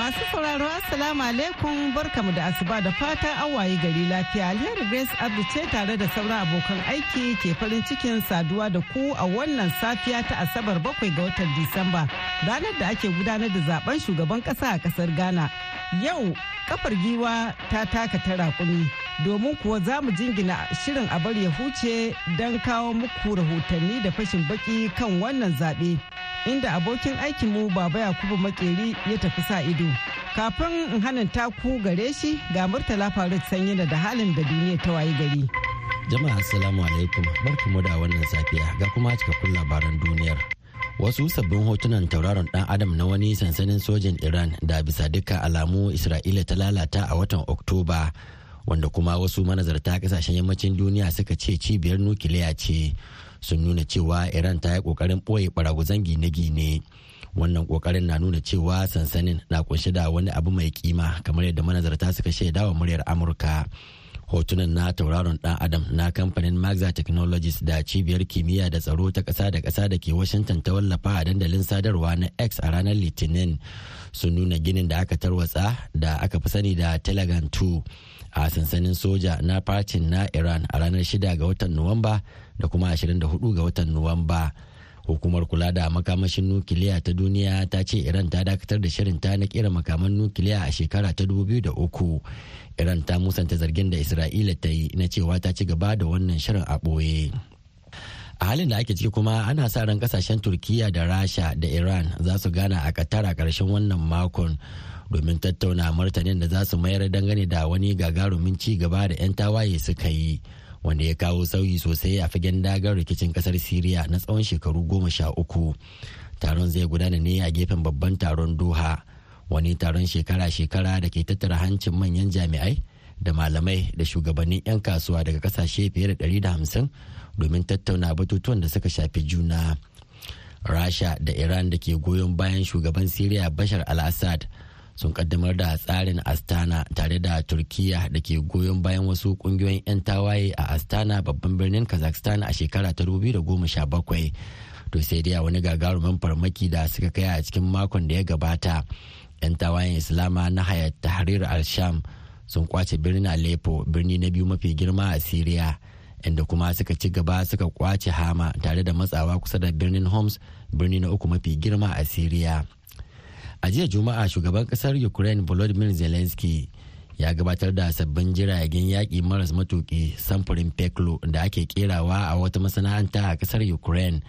Masu sauraro Assalamu alaikum barkamu da asuba da fatan an waye gari lafiya alheri Grace Abdu ce tare da sauran abokan aiki ke farin cikin saduwa da ku a wannan safiya ta Asabar bakwai ga watan Disamba ranar da ake gudanar da zaben shugaban kasa a kasar Ghana. Yau kafar giwa ta taka ta raƙumi domin kuwa za mu jingina shirin a bar ya huce don kawo muku rahotanni da fashin baki kan wannan zaɓe. inda abokin aikinmu baba yakubu makeri ya tafi sa ido kafin in ta ku gare shi ga murtala faruk sanyi da halin da duniya ta wayi gari jama'a assalamu alaikum barkamu da wannan safiya ga kuma cikakkun labaran duniyar wasu sabbin hotunan tauraron dan adam na wani sansanin sojin iran da bisa dukkan alamu isra'ila ta lalata a watan oktoba wanda kuma wasu manazarta kasashen yammacin duniya suka ce cibiyar nukiliya ce sun nuna cewa iran ta yi kokarin ɓoye baraguzan gine-gine wannan kokarin na nuna cewa sansanin na kunshi da wani abu mai kima kamar yadda manazarta suka shaida wa muryar amurka hotunan na tauraron dan adam na kamfanin maxa technologies da cibiyar kimiyya da tsaro ta ƙasa da ƙasa da ke washington ta wallafa a dandalin sadarwa na x a ranar litinin sun nuna ginin da aka tarwatsa da aka fi sani da telegram 2 a sansanin soja na facin na iran a ranar 6 ga watan nuwamba da kuma 24 ga watan nuwamba hukumar kula da makamashin nukiliya ta duniya ta ce iran ta dakatar da shirin ta na kera makaman nukiliya a shekara ta 2003 iran ta musanta zargin da isra'ila ta yi na cewa ta ci gaba da wannan shirin a ɓoye a halin da ake ciki kuma ana sa ran kasashen turkiya da rasha da iran za su gana a katar a ƙarshen wannan makon domin tattauna martanin da za su mayar dangane da wani gagarumin ci gaba da 'yan tawaye suka yi wanda ya kawo sauyi sosai a fagen dagar rikicin kasar siriya na tsawon shekaru goma sha uku taron zai gudana ne a gefen babban taron doha wani taron shekara-shekara da ke tattara hancin manyan jami'ai da malamai da shugabannin 'yan kasuwa daga kasashe fiye da da hamsin domin tattauna batutuwan da suka shafi juna rasha da iran da ke goyon bayan shugaban siriya bashar al-assad sun kaddamar da tsarin astana tare da turkiya da ke goyon bayan wasu kungiyoyin 'yan tawaye a astana babban birnin kazakhstan a shekara ta 2017 to sai dai a wani gagarumin farmaki da suka kai a cikin makon da ya gabata 'yan tawayen islama na hayat tahrir al-sham sun kwace birnin aleppo birni na biyu mafi girma a syria inda kuma suka ci gaba suka kwace hama tare da matsawa kusa da birnin homs birni na uku mafi girma a syria a jiya juma'a shugaban kasar ukraine volodymyr zelensky ya gabatar da sabbin jiragen yaƙi maras matuƙi samfurin peklo da ake kerawa a wata masana'anta a kasar ukraine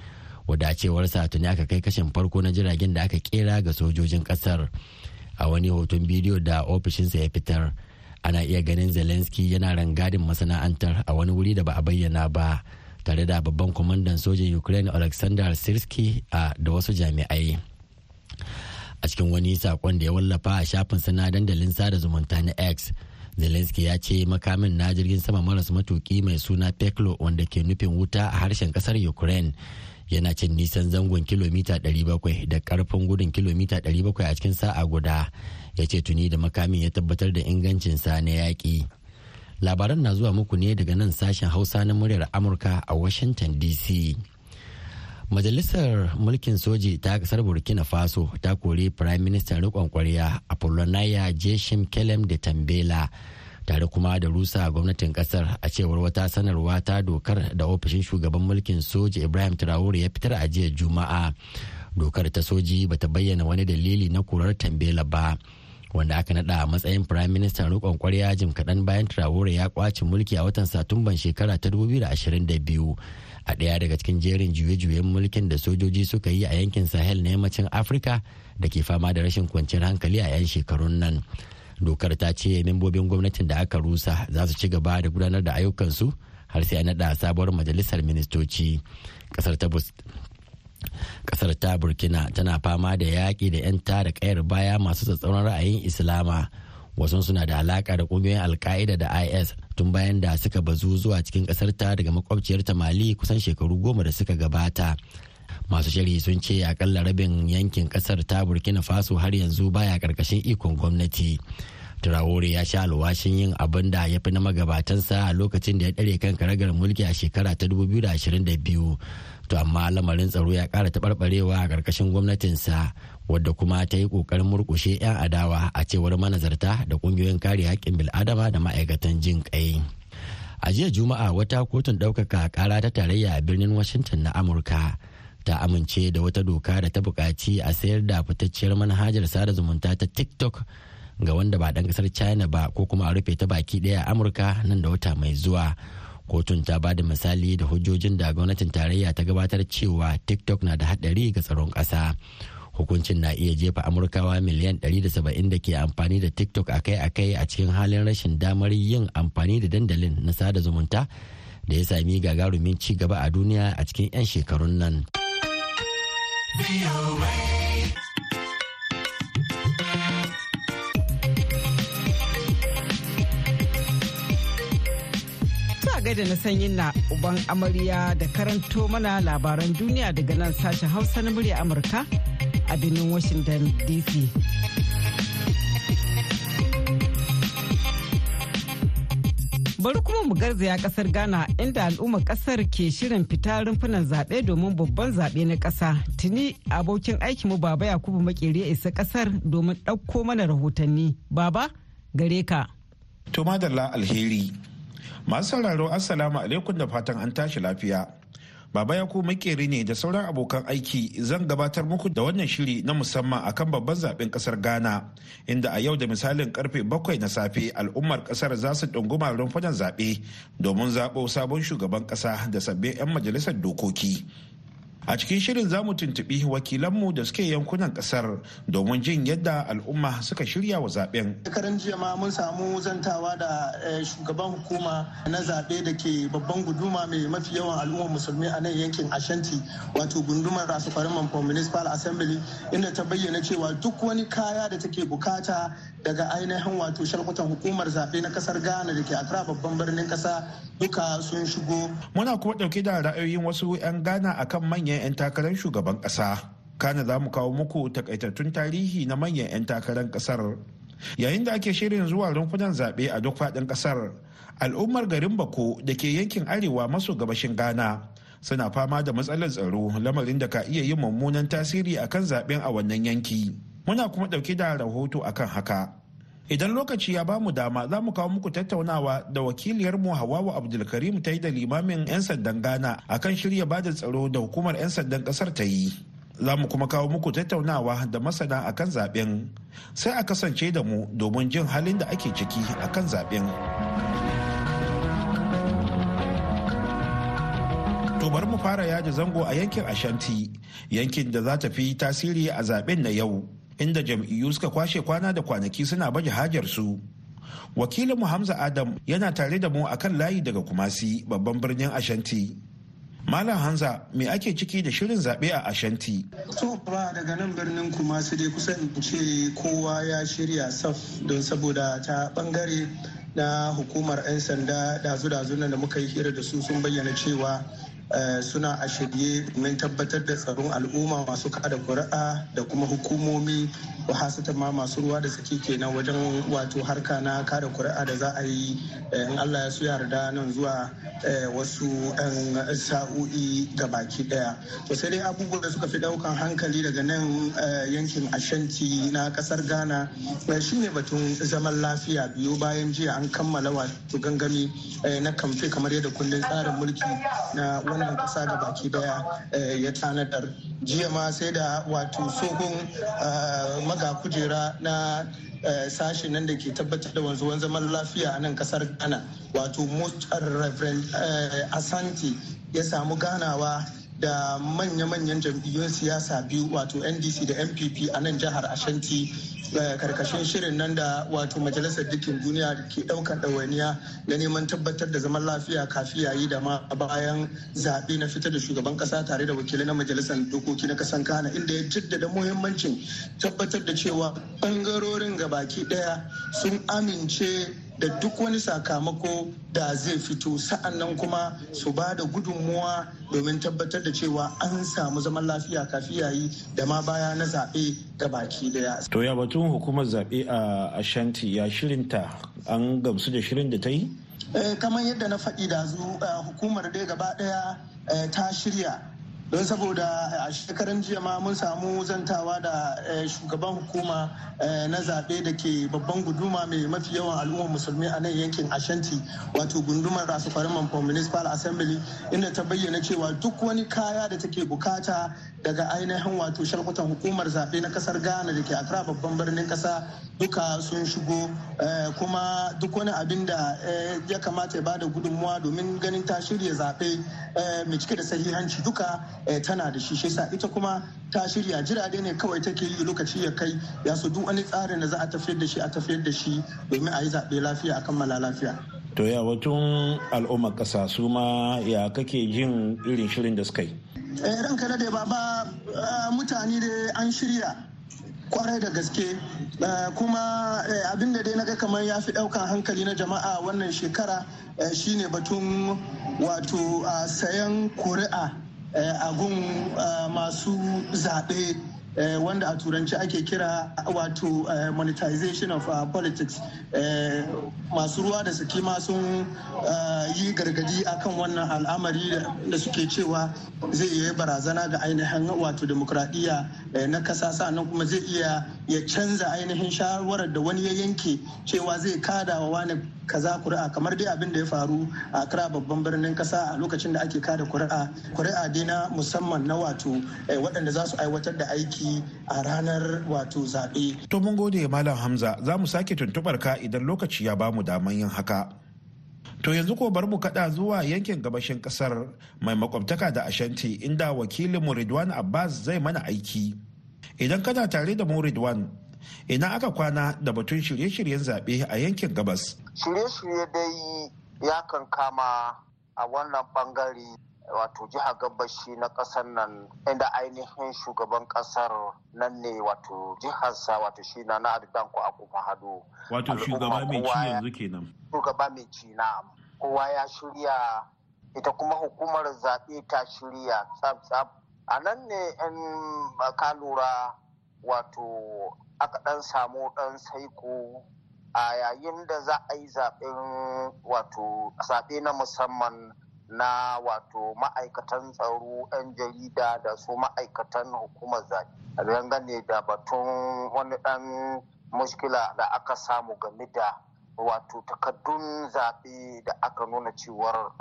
wadacewarsa tuni aka kai kashin farko na jiragen da aka kera ga sojojin kasar a wani hoton bidiyo da ofishinsa ya fitar ana iya ganin zelensky yana rangadin masana'antar a wani wuri da ba a bayyana ba tare da babban kwamandan sojin ukraine alexander sirski a da wasu jami'ai a cikin wani sakon da ya wallafa a shafin sana dandalin sada zumunta na x zelensky ya ce makamin na jirgin sama maras matuki mai suna peklo wanda ke nufin wuta a harshen kasar ukraine yana cin nisan zangon kilomita 700 da karfin gudun kilomita 700 a cikin sa'a guda ya ce tuni da makamin ya tabbatar da ingancin sa na yaƙi labaran na zuwa muku ne daga nan sashen hausa na muryar amurka a washington dc Majalisar Mulkin Soji ta kasar Burkina Faso ta kori Firayim Ministan Rikon Kwarya Apollonia Jeshim Kelem da Tambela tare kuma da rusa gwamnatin kasar a cewar wata sanarwa ta dokar da ofishin shugaban mulkin soji Ibrahim Traore ya fitar a jiya Juma'a. Dokar ta soji bata bayyana wani dalili na korar Tambela ba. wanda aka nada a matsayin prime minister rikon kwarya jim kaɗan bayan traore ya kwace mulki a watan satumban shekara ta 2022 a ɗaya daga cikin jerin juye-juyen mulkin da sojoji suka yi a yankin sahel na yammacin afirka da ke fama da rashin kwanciyar hankali a 'yan shekarun nan dokar ta ce membobin gwamnatin da aka rusa za su ci gaba da gudanar da ayyukansu har sai a naɗa sabuwar majalisar ministoci Ƙasar ta burkina tana fama da yaƙi da 'yan tara kayar baya masu tsatsauran ra'ayin islama wasu suna da alaƙa da ƙungiyoyin alka'ida da is tun bayan da suka bazu zuwa cikin ƙasarta daga makwabciyar ta mali kusan shekaru goma da suka gabata masu shiri sun ce akalla rabin yankin kasar ta burkina faso har yanzu baya karkashin ikon gwamnati Traore ya sha alwashin yin abin da ya fi na magabatansa a lokacin da ya ɗare kan karagar mulki a shekara ta 2022 to amma lamarin tsaro ya ƙara taɓarɓarewa a ƙarƙashin gwamnatinsa wadda kuma ta yi kokarin murkushe 'yan adawa a cewar manazarta da kungiyoyin kare haƙƙin bil'adama da ma'aikatan jin ƙai a jiya juma'a wata kotun ɗaukaka ƙara ta tarayya a birnin washington na amurka ta amince da wata doka da ta buƙaci a sayar da fitacciyar manhajar sada zumunta ta tiktok ga wanda ba ɗan ƙasar china ba ko kuma a rufe ta baki ɗaya a amurka nan da wata mai zuwa kotun ta ba da misali da hujjojin da gwamnatin tarayya ta gabatar cewa tiktok na da haɗari ga tsaron ƙasa hukuncin na iya jefa amurkawa miliyan 170 da ke amfani da tiktok akai-akai a cikin halin rashin damar yin amfani da dandalin na sada zumunta da ya sami gagarumin ci gaba a duniya a cikin 'yan shekarun nan. da na sanyin na uban amarya da karanto mana labaran duniya daga nan sashen hausa na murya amurka a birnin Washington DC. Bari kuma mu garzaya kasar Ghana inda al'ummar kasar ke shirin fita rumfunan zaɓe domin babban zaɓe na ƙasa. Tuni abokin mu Baba Yakubu Makeri ya isa ƙasar domin ɗauko mana rahotanni. Baba, gare ka. To madalla alheri. Masu sauraro Assalamu alaikum da fatan an tashi lafiya. Baba ya ku makeri ne da sauran abokan aiki zan gabatar muku da wannan shiri na musamman akan babban zaben kasar Ghana inda a yau da misalin karfe bakwai na safe al'ummar kasar za su ɗunguma rumfunan zaɓe domin zaɓo sabon shugaban ƙasa da sabbin 'yan majalisar dokoki. a cikin shirin za mu tuntuɓi wakilanmu da suke yankunan ƙasar domin jin yadda al'umma suka shirya wa zaben. Karan jiya ma mun samu zantawa da eh, shugaban hukuma na zaɓe da ke babban guduma mai mafi yawan al'ummar musulmi a nan yankin Ashanti wato gundumar Rasufarin for Municipal Assembly inda ta bayyana cewa duk wani kaya da take bukata daga ainihin wato shalkutan hukumar zaɓe na ƙasar Ghana da ke Accra babban birnin ƙasa duka sun shigo. Muna kuma ɗauke da ra'ayoyin wasu 'yan Ghana akan manyan manyan 'yan takarar shugaban ƙasa kana za mu kawo muku takaitattun tarihi na manyan 'yan takarar ƙasar yayin da ake shirin zuwa rumfunan zaɓe a duk faɗin ƙasar al'ummar garin bako da ke yankin arewa maso gabashin ghana suna fama da matsalar tsaro lamarin da ka iya yin mummunan tasiri akan zaɓen a wannan yanki muna kuma ɗauke da rahoto akan haka idan lokaci ya bamu dama za mu kawo muku tattaunawa da wakiliyar wakiliyarmu hawawa abdulkarim ta yi da limamin 'yan sandan ghana akan shirya ba da tsaro da hukumar 'yan sandan kasar ta yi za mu kuma kawo muku tattaunawa da masana akan zaben sai a kasance da mu domin jin halin da ake ciki akan zaben bar mu fara yaji zango a yankin ashanti yankin da za ta fi tasiri a zaben na yau inda jam'iyyu suka kwashe kwana da kwanaki suna baje hajarsu wakilinmu hamza adam yana tare da mu akan layi daga kumasi babban birnin ashanti Malam Hanza me ake ciki da shirin zaɓe a Ashanti? To ba daga nan birnin kumasi dai kusan ce kowa ya shirya saf don saboda ta bangare na hukumar 'yan sanda dazu-dazu da muka yi hira da su sun bayyana cewa Eh, suna a shirye domin tabbatar da tsaron al'umma masu kada kuri'a da kuma hukumomi hasatan ma masu ruwa da suke kenan wajen wato harka na kada kuri'a da za a yi eh, in allah ya su yarda nan zuwa eh, wasu sa'o'i ga baki daya to sai dai abubuwan da suka fi daukan hankali daga nan yankin ashanti na kasar ghana shine batun zaman lafiya biyu bayan jiya an kammala wato gangami na kamfe kamar yadda kundin tsarin mulki na wani wannan kasa ga baki daya eh, ya tanadar jiya ma sai da wato tsohon eh, maga kujera na eh, sashi nan da ke tabbatar da wanzuwan zaman lafiya a nan kasar ghana wato motar reverend asanti ya samu ganawa da manya-manyan jam'iyyun siyasa biyu wato ndc da npp a nan jihar ashanti Eh, karkashin shirin nan da wato majalisar dukkin duniya ke ɗaukar ɗawainiya da neman tabbatar da zaman lafiya kafi yayi da ma bayan zaɓe na fitar da shugaban ƙasa tare da wakilai na majalisar dokoki na ƙasar kana inda ya jaddada muhimmancin tabbatar da cewa ɓangarorin gabaki ɗaya sun amince da duk wani sakamako da zai fito sa'annan kuma su ba da gudunmuwa domin tabbatar da cewa an samu zaman lafiya kafin yayi da ma baya na zaɓe ga baki daya. To ya batun hukumar zaɓe a Ashanti ya shirinta an gamsu da shirin da ta yi? Eh, kamar yadda na faɗi da zu eh, hukumar dai gaba ɗaya eh, ta shirya don saboda eh, a shekaran jiya ma mun samu zantawa da eh, shugaban hukuma eh, na zaɓe da ke babban guduma mai mafi yawan al'ummar musulmi a nan yankin ashanti wato gundumar rasufarin for municipal assembly inda ta bayyana cewa duk wani kaya da take bukata daga ainihin wato shalkutan hukumar zaɓe na kasar ghana da ke akra babban birnin ƙasa duka sun shigo kuma duk wani abin da ya kamata ya bada gudunmuwa domin ganin ta shirya zaɓe mai cike da sahihanci duka Eh, tana da shi shi ita kuma ta shirya jirage ne kawai take yi lokaci ya kai ya su duk wani tsarin da za a tafiyar da shi a tafiyar da shi domin a yi zaɓe lafiya a kammala lafiya. To ya batun al'ummar ƙasa su ma ya kake jin irin shirin da suka yi? Eh, ranka da baba eh, mutane da an shirya kwarai da gaske kuma abin da dai na ga kamar ya fi ɗaukan hankali na jama'a wannan shekara shine batun wato sayan kuri'a Eh, agun gun eh, masu zaɓe eh, wanda a turanci ake kira wato monetization of politics masu ruwa da saki ma sun yi gargadi akan wannan al'amari da suke cewa zai yi barazana ga ainihin wato demokradiyya na kasa sannan kuma zai iya ya canza ainihin shawarar da wani ya yanke cewa zai kada wa wani kaza kuri'a kamar dai abin da ya faru a kira babban birnin kasa a lokacin da ake kada kuri'a kuri'a dai na musamman na wato eh, waɗanda za su aiwatar da aiki a ranar wato zaɓe. to mun gode malam hamza za mu sake tuntuɓar ka idan lokaci ya ba mu daman yin haka. To yanzu ko bar mu kada zuwa yankin gabashin kasar mai makwabtaka da Ashanti inda wakilin mu Ridwan Abbas zai mana aiki. Idan kana tare da Muridwan. ina aka kwana da batun shirye-shiryen zaɓe a yankin gabas shirye-shirye dai ya kan kama a wannan bangare wato jihar gabashi na kasar nan inda ainihin shugaban kasar nan ne wato jiharsa wato shi na na ko kuma hado wato shugaba mai ci yanzu kenan shugaba mai ci na kowa ya shirya ita kuma hukumar zaɓe ta shirya tsab-tsab a nan ne in ka lura wato aka ɗan samu ɗan saiko a yayin da za a yi zaɓen wato zaɓe na musamman na wato ma'aikatan tsaro 'yan jarida da su ma'aikatan hukumar zaɓe dangane da batun wani ɗan mushkila da aka samu game da wato takaddun zaɓe da aka nuna cewar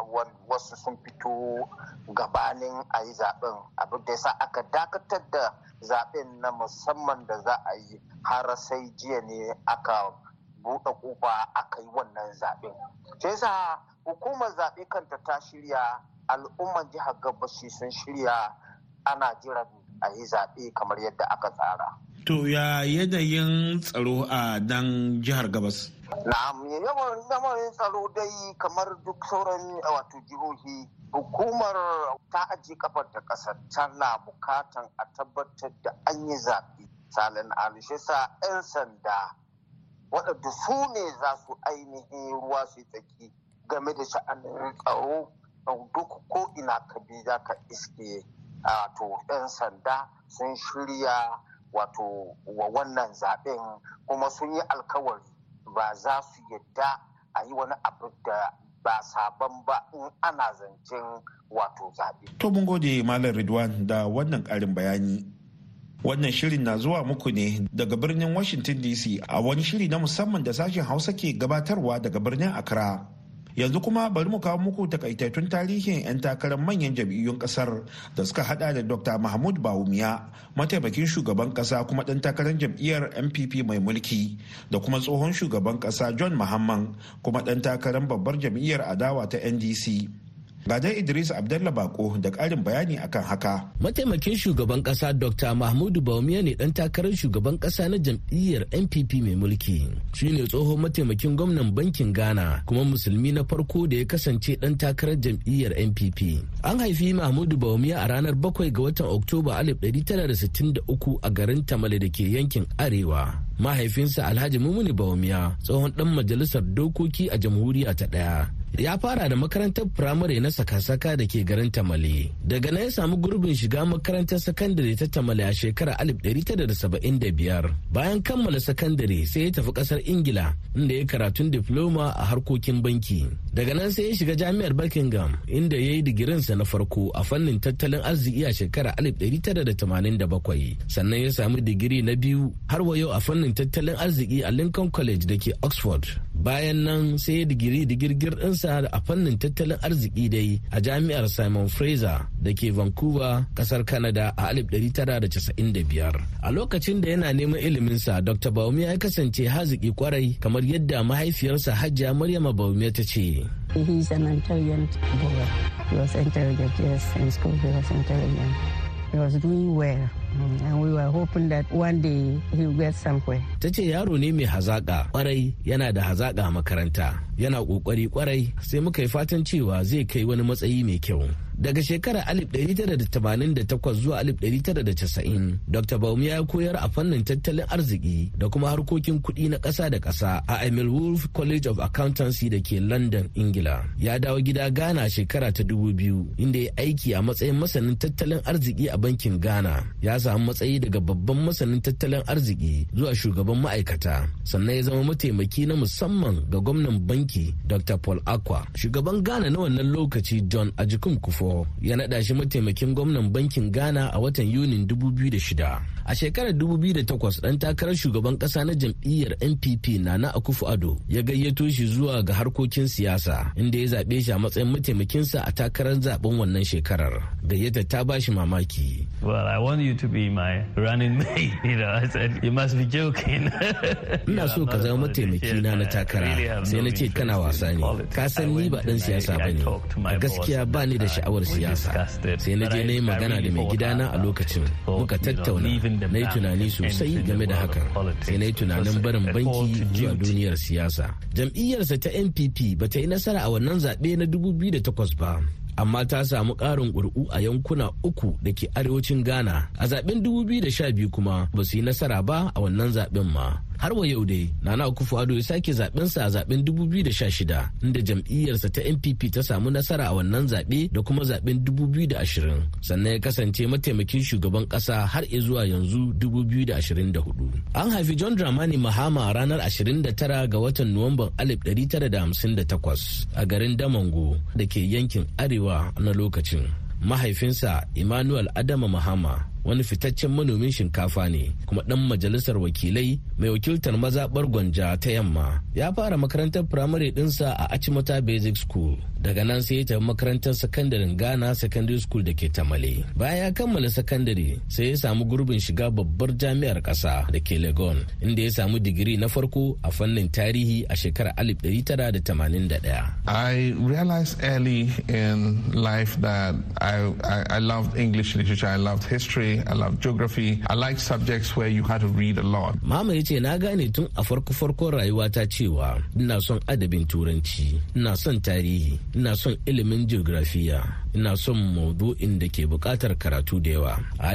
wasu sun fito gabanin a yi zaɓen abin da yasa aka dakatar da zaɓen na musamman da za a yi har sai jiya ne aka buɗe ƙofa aka yi wannan zaɓen sai yasa hukumar zaɓe kanta ta shirya al'umman jihar gabashi sun shirya ana jiran a yi zaɓe kamar yadda aka tsara To ya yanayin tsaro a nan jihar Gabas? Na'am, yawan tsaro dai kamar duk sauran wato jihohi hukumar ta aji kafar ta ƙasar tana bukatan a tabbatar da an yi zaɓe. Salin Alishisa 'yan sanda waɗanda su ne za su ainihin ruwa su tsaki game da sha'anin tsaro duk ko'ina ina ka za ka iske wato 'yan sanda sun shirya wato wa wannan zaɓen kuma sun yi alkawari ba za su yadda a yi wani abu da ba sabon ba in ana zancen wato zaɓe. To mun gode Malam Ridwan da wannan ƙarin bayani. Wannan shirin na zuwa muku ne daga birnin Washington DC a wani shiri na musamman da sashen Hausa ke gabatarwa daga birnin Accra. yanzu kuma bari mu kawo muku takaitattun tarihin 'yan takarar manyan jam'iyyun kasar da suka hada da dr mahmud bawumiya mataimakin shugaban kasa kuma dan takarar jam'iyyar mpp mai mulki da kuma tsohon shugaban kasa john mahamman kuma dan takarar babbar jam'iyyar adawa ta ndc Ga Idris Abdalla Bako da ƙarin bayani akan haka. Mataimakin shugaban ƙasa Dr. Mahmudu Bawumia ne ɗan takarar shugaban ƙasa na jam'iyyar NPP mai mulki. Shi ne tsohon mataimakin gwamnan bankin Ghana kuma musulmi na farko da ya kasance ɗan takarar jam'iyyar NPP. An haifi Mahmudu Bawumia a ranar 7 ga watan Oktoba 1963 a garin Tamale da ke yankin Arewa. Mahaifinsa Alhaji Mumuni Bawumia tsohon ɗan majalisar dokoki a jamhuriya ta ɗaya ya fara da makarantar firamare na sakasaka da ke garin tamale daga nan ya samu gurbin shiga makarantar sakandare ta tamale a shekarar 1975 bayan kammala sakandare sai ya tafi kasar ingila inda ya karatun diploma a harkokin banki daga nan sai ya shiga jami'ar buckingham inda ya yi digirinsa na farko a fannin tattalin arziki a shekarar 1987 sannan ya samu digiri na biyu har wa yau a fannin tattalin arziki a lincoln college da ke oxford bayan nan sai ya digiri digirgir ɗinsa farfesa a fannin tattalin arziki dai a jami'ar Simon Fraser da ke Vancouver, kasar Canada a 1995. A lokacin da yana neman iliminsa, Dr. baumi ya kasance haziki kwarai kamar yadda mahaifiyarsa hajja Maryama baumi ta ce. He was doing well. And we were hoping that Ta ce yaro ne mai hazaƙa kwarai yana da hazaƙa makaranta yana ƙoƙari kwarai sai muka yi fatan cewa zai kai wani matsayi mai kyau. daga shekarar 1988 zuwa 1990 dr baum ya koyar a fannin tattalin arziki da kuma harkokin kuɗi na ƙasa da ƙasa a emil wolf college of accountancy da ke london ingila ya dawo gida ghana shekara ta 2000 inda ya aiki a matsayin masanin tattalin arziki a bankin ghana ya samu matsayi daga babban masanin tattalin arziki zuwa shugaban ma'aikata sannan ya zama mataimaki na musamman ga gwamnan banki dr paul akwa shugaban ghana na wannan lokaci john ajikun kufo ya naɗa shi mataimakin gwamnan bankin Ghana a watan Yunin 2006. A shekarar 2008 ɗan takarar shugaban ƙasa na jam'iyyar NPP Nana Akufo Ado ya gayyato shi zuwa ga harkokin siyasa inda ya zaɓe shi a matsayin mataimakinsa a takarar zaben wannan shekarar. gayyata ta ba shi mamaki. Well, I want you to be my Ina so ka zama mataimakina na takara. Sai na ce kana wasa ne. Ka san ni ba ɗan siyasa ba ne. Gaskiya ba ni da sha'awar siyasa sai na je na yi magana da mai gidana a lokacin muka tattauna na yi tunani sosai game da hakan sai na yi tunanin barin banki zuwa duniyar siyasa jam'iyyarsa ta npp ba ta yi nasara a wannan zaɓe na 2008 ba amma ta samu ƙarin ƙuri'u a yankuna uku da ke arewacin ghana a zaɓen sha biyu kuma ba su yi nasara ba a wannan zaɓen ma har wa yau dai nana akufo ado ya sake zaben sa a zaben 2016 inda jam'iyyarsa ta npp ta samu nasara a wannan zaɓe da kuma zaben 2020 sannan ya kasance mataimakin shugaban ƙasa har zuwa yanzu 2024 an haifi john dramani mahama ranar 29 ga watan nuwamban 1958 a garin damango da ke yankin arewa na lokacin mahaifinsa emmanuel adama mahama wani fitaccen manomin shinkafa ne kuma ɗan majalisar wakilai mai wakiltar mazaɓar gwanja ta yamma ya fara makarantar firamare ɗinsa a acimata basic school daga nan sai ya tafi makarantar sakandaren ghana secondary school da ke tamale bayan ya kammala sakandare sai ya samu gurbin shiga babbar jami'ar ƙasa da ke legon inda ya samu digiri na farko a fannin tarihi a shekarar 1981 i realized early in life that i, I, I loved english literature i loved history history, I love geography. I like subjects where you had to read a lot. Mama yace na gane tun a farko-farkon rayuwata cewa ina son adabin turanci, ina son tarihi, ina son ilimin geografiya. ina son maudu'in da ke buƙatar karatu da yawa. A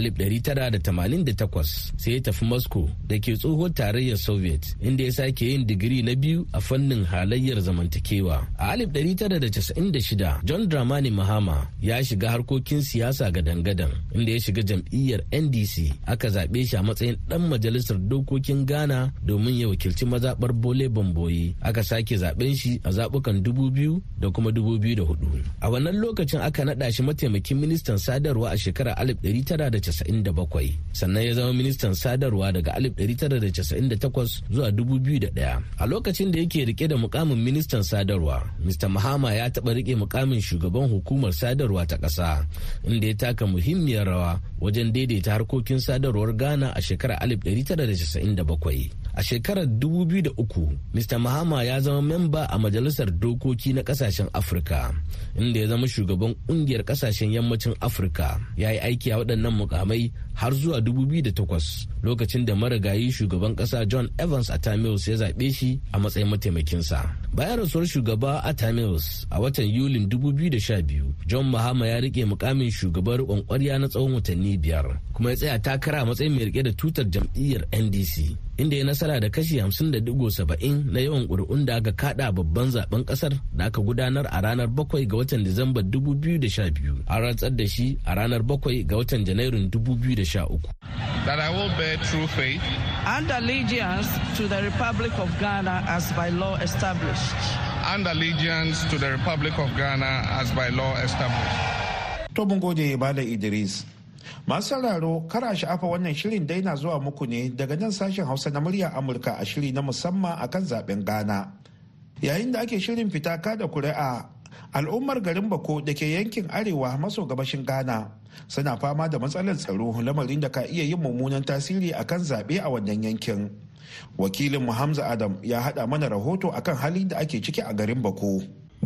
takwas, sai ya tafi Moscow da ke tsohon tarayyar Soviet inda ya sake yin digiri na biyu a fannin halayyar zamantakewa. A alif tara da casa'in shida, John Dramani Mahama ya shiga harkokin siyasa ga dangadan inda ya shiga jam'iyyar NDC aka zaɓe shi a matsayin ɗan majalisar dokokin Ghana domin ya wakilci mazaɓar Bole Bamboyi aka sake zaɓen shi a zaɓukan 2000 da kuma 2004. A wannan lokacin aka naɗa shi mataimakin ministan sadarwa a shekarar 1997 sannan ya zama ministan sadarwa daga 1998 zuwa 2001 a lokacin da yake rike da mukamin ministan sadarwa mr mahama ya taɓa rike mukamin shugaban hukumar sadarwa ta ƙasa inda ya taka muhimmiyar rawa wajen daidaita harkokin sadarwar ghana a shekarar 1997 a shekarar 2003 mr mahama ya zama memba a majalisar dokoki na kasashen afirka inda ya zama shugaban kungiyar kasashen yammacin afirka ya yi aiki a waɗannan mukamai har zuwa 2008 lokacin da marigayi shugaban ƙasa john evans Atta-Mills ya zaɓe shi a matsayin mataimakinsa bayan rasuwar shugaba mills a watan yulin 2012 john mahama ya rike mukamin shugabar kwankwariya na tsawon watanni biyar kuma ya tsaya takara a matsayin mai rike da tutar jam'iyyar ndc inda ya nasara da kashi 50.70 na yawan ƙuri'un da aka kada babban zaben ƙasar da aka gudanar a ranar 7 ga watan disamba 2012 an rantsar da shi a ranar 7 ga watan janairun 2013 that i will bear true faith and allegiance to the republic of ghana as by law established and allegiance to the republic of ghana as by law established to mun gode bada idris Masu sauraro kara sha'afa wannan shirin dai na zuwa muku ne daga nan sashen Hausa na murya Amurka a shiri na musamman akan zaben Ghana. Yayin da ake shirin fita kada kuri'a al'ummar garin Bako da ke yankin arewa maso gabashin Ghana suna fama da matsalar tsaro lamarin da ka iya yin mummunan tasiri akan zaɓe a wannan yankin. Wakilin Hamza Adam ya haɗa mana rahoto akan halin da ake ciki a garin Bako.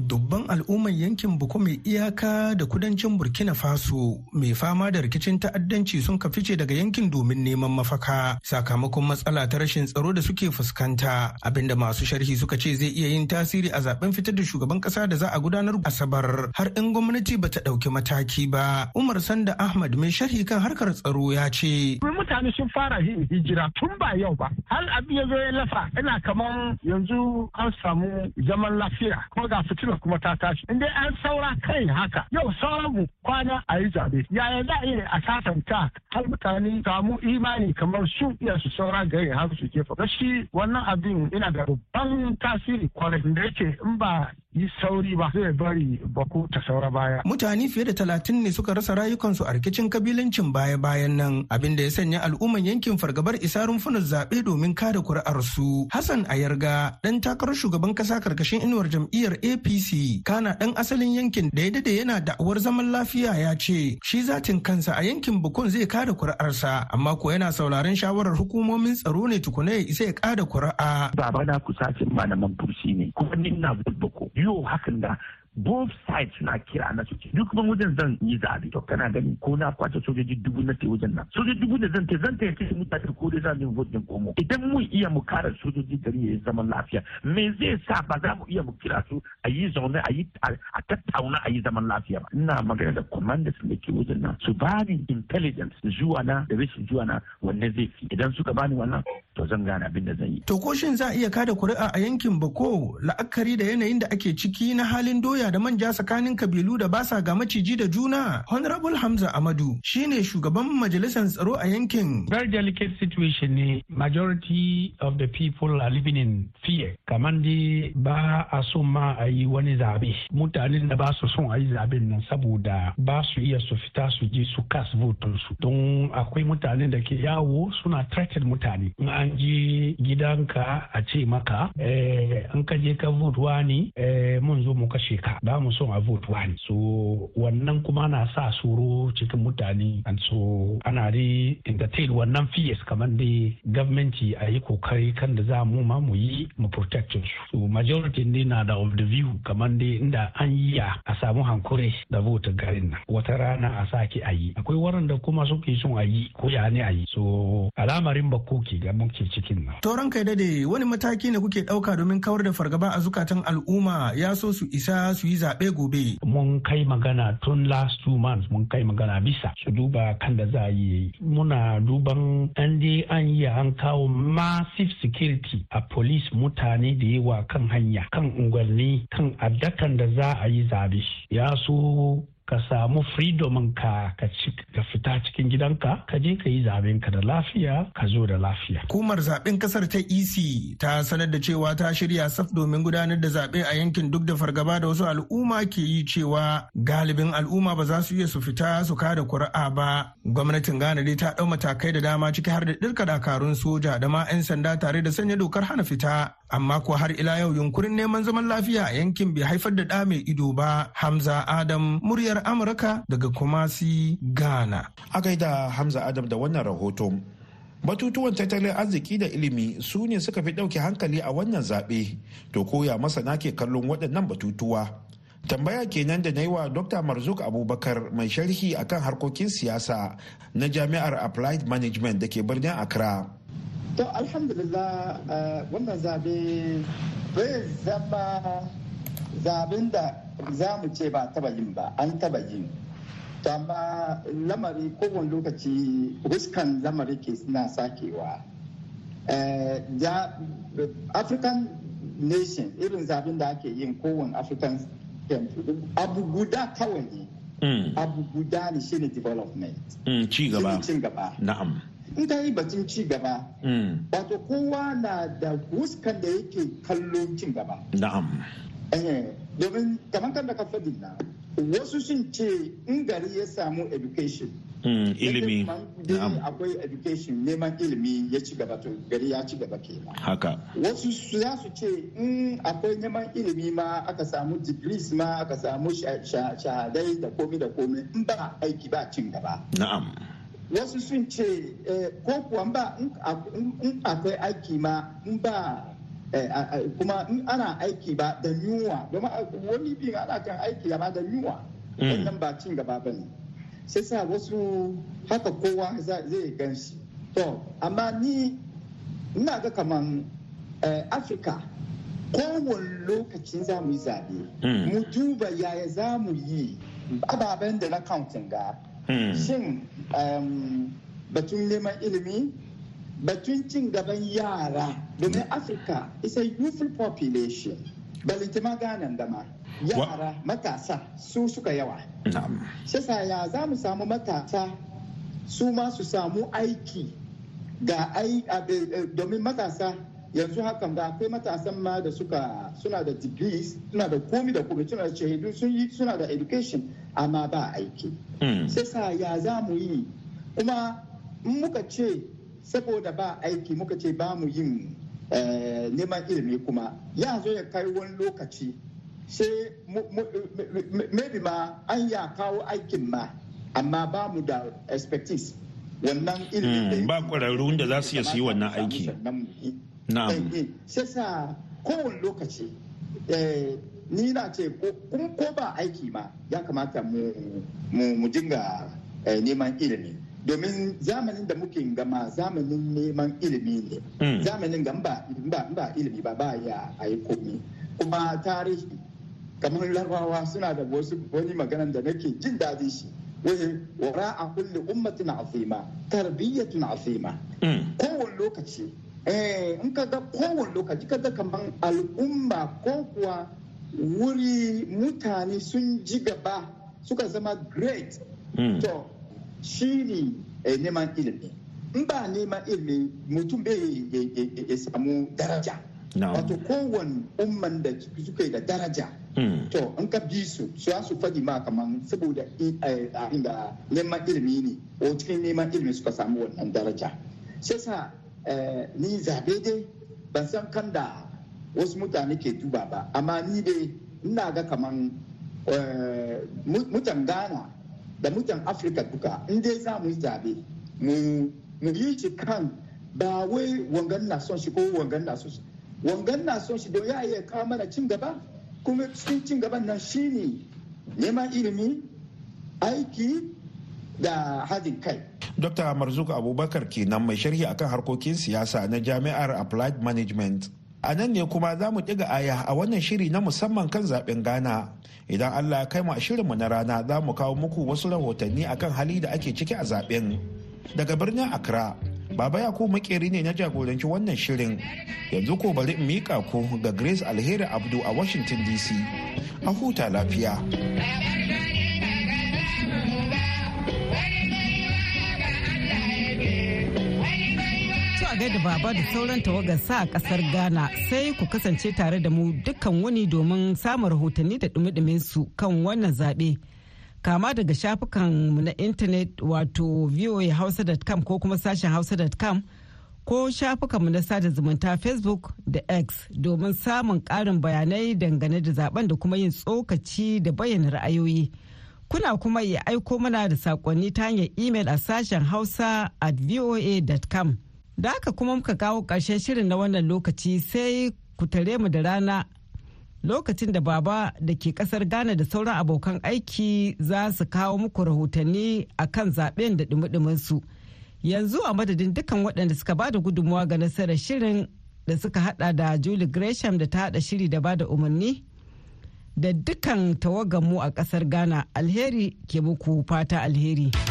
dubban al'ummar yankin buko mai iyaka da kudancin burkina faso mai fama da rikicin ta'addanci sun ka fice daga yankin domin neman mafaka sakamakon matsala ta rashin tsaro da suke fuskanta abinda masu sharhi suka ce zai iya yin tasiri a zaben fitar da shugaban kasa da za a gudanar asabar har in gwamnati ba ta ɗauki mataki ba umar sanda ahmad mai sharhi kan harkar tsaro ya ce mutane sun fara hijira tun ba yau ba har abin ya zo ya lafa ina kamar yanzu an samu zaman lafiya kuma ga fitina Network kuma ta tashi. In dai an saura kai haka yau sauran kwana a yi zabe Yaya za a iya a sasanta har mutane samu imani kamar su iya su saura gari har su jefa. Gashi wannan abin ina da babban tasiri kwarai da yake in ba yi sauri ba zai bari bako ta saura baya. Mutane fiye da talatin ne suka rasa rayukansu a rikicin kabilancin baya-bayan nan abin da ya sanya al'umman yankin fargabar isa rumfunan zaɓe domin kada kuri'arsu. Hassan Ayarga ɗan takarar shugaban ƙasa karkashin inuwar jam'iyyar APC kana ɗan asalin yankin da ya dade yana da'awar zaman lafiya ya ce shi zatin kansa a yankin Bukun zai kada kuri'arsa amma ko yana sauraron shawarar hukumomin tsaro ne tukuna ya isa ya kada kuri'a. Baba na kusacin malaman Bursi ne kuma ni na Bukun. biyo hakan da both sides na kira na su ce duk ban wajen zan yi zaɓi. to kana ganin ko na kwace sojoji dubu na tai wajen nan sojoji dubu da zan tai zan tai kai mutane ko dai za mu vote din komo idan mu iya mu kare sojoji gari ya zaman lafiya me zai sa ba za mu iya mu kira su a yi zaune a yi a tattauna a yi zaman lafiya ba ina magana da commanders da ke wajen nan su ni intelligence zuwa na da rashin zuwa na wanne zai fi idan suka bani wannan to zan gane abin da zan yi to ko shin za a iya kada kuri'a a yankin bako la'akari da yanayin da ake ciki na halin doya sauya da manja tsakanin kabilu da basa ga maciji da juna honorable hamza amadu shine shugaban majalisar tsaro a yankin very delicate situation ne majority of the people are living in fear kamar dai ba a so ma a yi wani zabe mutanen da ba su son a yi zaben nan saboda ba su iya su fita su je su kas vote su don akwai mutanen da ke yawo suna threatened mutane in an je gidanka a ce maka an eh, ka je ka vote wani eh, mun zo mu kashe ka haka ba mu son a vote wani so wannan kuma na sa soro cikin mutane and so ana dai entertain wannan fears kamar dai gwamnati a yi kokari kan da za mu ma mu yi mu protect su so majority ne na da of the view kamar dai inda an yi a samu hankuri da vote garin nan wata rana a sake a yi akwai waran da kuma suke son a yi ko ya ne a yi so alamarin bako ke ga muke cikin nan. to ranka dade wani mataki ne kuke dauka domin kawar da fargaba a zukatan al'umma ya so su isa su yi zaɓe gobe. Mun kai magana tun last two months mun kai magana bisa su duba kan da za a yi. Muna duban an dai an yi an kawo massive security a police mutane da yawa kan hanya kan unguwanni kan addakan da za a yi zaɓe. Ya so ka samu freedom ka ka ka fita cikin gidanka ka je ka yi zaben ka da lafiya ka zo da lafiya hukumar zaben kasar ta EC ta sanar da cewa ta shirya saf domin gudanar da zabe a yankin duk da fargaba da wasu al'umma ke yi cewa galibin al'umma ba za su iya su fita su kada kuri'a ba gwamnatin Ghana dai ta dau matakai da dama ciki har da dirka dakarun soja da ma 'yan sanda tare da sanya dokar hana fita amma ko har ila yau yunkurin neman zaman lafiya a yankin bai haifar da da mai ido ba Hamza Adam muryar ƙasar Amurka daga Kumasi, Ghana. A gaida Hamza Adam da wannan rahoto. Batutuwan tattalin arziki da ilimi su ne suka fi ɗauke hankali a wannan zaɓe, to koya masana ke kallon waɗannan batutuwa. Tambaya kenan da na yi wa Dr. Marzuk Abubakar mai sharhi akan harkokin siyasa na Jami'ar Applied Management da ke birnin Accra. To alhamdulillah eh, wannan zaɓe bai zama zaben da za mu ce ba taba yin ba an taba yin to amma lamari kowane lokaci riskan lamari ke suna sakewa eh, african nation irin zaben da ake yin kowane african abu guda kawai ne hmm. abu guda ne ne development hmm, ci gaba cin gaba na'am in ta yi batun ci gaba hmm. wato kowa na da huskan da yake kallon cin gaba na'am domin kamar kan da ka faɗi na wasu sun ce in gari ya samu education hmm, ilimi akwai education neman ilimi ya ci gaba to gari ya ci gaba kenan haka wasu za su ce in akwai neman ilimi ma aka samu degrees ma aka samu shahadai da komi da komi in ba aiki ba cin gaba na'am wasu sun ce eh, ko kuwa ba in akwai aiki ma in ba Eh, kuma ana aiki ba da yunwa domin wani bin ana kan aiki ba da yunwa hmm. wannan ba cin gaba ba ne sai sa wasu haka kowa zai gan shi to amma ni na ga kaman eh, afirka kowane lokacin za mu yi zaɓe hmm. mu duba yaya za mu yi ababen da na kan ga hmm. shin batun neman ilimi batun cin gaban yara domin afirka is a youthful population balitima ganan dama yara matasa su suka yawa shasa ya za mu samu matasa su ma su samu aiki ga e, domin matasa yanzu hakan ba akwai matasan ma da suka suna da degrees suna da komi da komi suna da shahidu sun suna da education amma ba aiki hmm. sai sa ya za mu yi kuma in muka ce saboda ba aiki muka ce ba mu yin eh, neman ilimi kuma ya zo ya kai wani lokaci sai maybe ma an ya kawo aikin ma amma ba mu da expertise wannan ilimin hmm, ba ƙwararrun da za su iya su yi wannan aiki na'am eh, eh, sai sa kowane lokaci ni na ce ko ba aiki ma ya kamata mu jinga neman ilimi domin zamanin da muke gama zamanin neman ilimi ne hmm. zamanin ga ba ilimi ba ba ya a yi komi kuma tarihi kamar larawa suna da wasu wani magana da nake jin daɗi shi wani wara a kulle ummatin azima tarbiyyatun azima hmm. kowane lokaci eh, in ka ga kowane lokaci ka ga kamar al'umma ko kuwa wuri mutane sun ji gaba suka zama great hmm. to shi ne eh, neman ilimi in ba neman ilimi mutum bai eh, ya eh, samu daraja wato kowane umman da suka yi da daraja hmm. to in ka bi su su su faɗi ma kaman saboda inda neman ilimi ne ko cikin neman ilimi suka samu wannan daraja sai sa ni zabe dai ban san kan da wasu mutane ke duba ba amma ni dai ina ga kaman mutan gana da mutan afirka duka in dai za mu yi zabe mu yi shi kan ba wai wangan na son shi ko wangan na son shi wangan na son shi don ya iya kawo mana cin gaba kuma cikin cin gaban nan shine neman ilimi aiki da hadin kai Dr. Marzuk Abubakar kenan mai sharhi akan harkokin siyasa na Jami'ar Applied Management a nan ne kuma za mu ɗiga aya a wannan shiri na musamman kan zaben ghana idan allah ya kai mu a shirinmu na rana za mu kawo muku wasu rahotanni akan hali da ake ciki a zaben daga birnin accra baba yaku makeri ne na jagoranci wannan shirin yanzu ko bari in miƙa ku ga grace alheri abdu a washington dc a huta lafiya da baba da sauran sa a kasar Ghana sai ku kasance tare da mu dukkan wani domin samun rahotanni da dumi su kan wannan zaɓe. Kama daga shafukanmu na intanet wato voahausa.com ko kuma sashen hausa.com ko shafukanmu na sada zumunta Facebook da X domin samun ƙarin bayanai dangane da zaben da kuma yin tsokaci da bayyana ra'ayoyi. kuna kuma iya aiko mana da saƙonni ta hanyar imel a sashen hausa at voa.com Da aka kuma muka kawo ƙarshen shirin na wannan lokaci sai ku tare mu da rana lokacin da baba da ke kasar Ghana da sauran abokan aiki za su kawo muku rahotanni a kan zaben da dumi-duminsu. Yanzu a madadin dukkan waɗanda suka ba da gudunmuwa ga nasarar shirin da suka hada da Julie Gresham da ta hada shiri da ba da umarni da dukkan tawagarmu a kasar Ghana alheri ke muku fata alheri.